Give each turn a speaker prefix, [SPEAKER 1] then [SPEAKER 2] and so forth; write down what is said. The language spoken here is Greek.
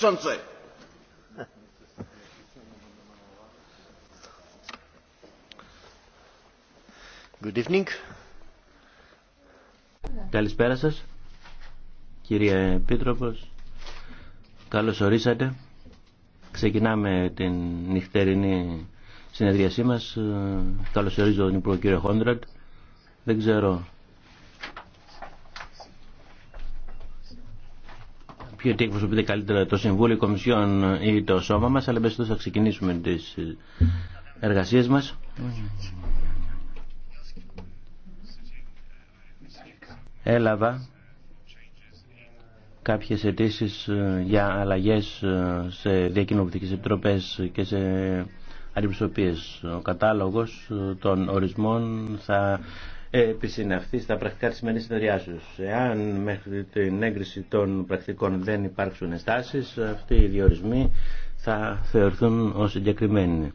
[SPEAKER 1] Good evening.
[SPEAKER 2] Καλησπέρα σας, κύριε Επίτροπος. Καλώς ορίσατε. Ξεκινάμε την νυχτερινή συνεδρίασή μας. Καλώς ορίζω τον Υπουργό κύριο Χόντρατ. Δεν ξέρω πού εκπροσωπείται καλύτερα το Συμβούλιο, Κομισιών ή το σώμα μας, αλλά μέσα θα ξεκινήσουμε τις εργασίες μας. Έλαβα κάποιες αιτήσει ε, για αλλαγές ε, σε διακοινοβουλευτικές επιτροπέ και σε αντιπροσωπείε Ο κατάλογος ε, των ορισμών θα επισυναυθεί στα πρακτικά της σημερινής συνεδριάσεως. Εάν μέχρι την έγκριση των πρακτικών δεν υπάρξουν ενστάσεις, αυτοί οι διορισμοί θα θεωρηθούν ως συγκεκριμένοι.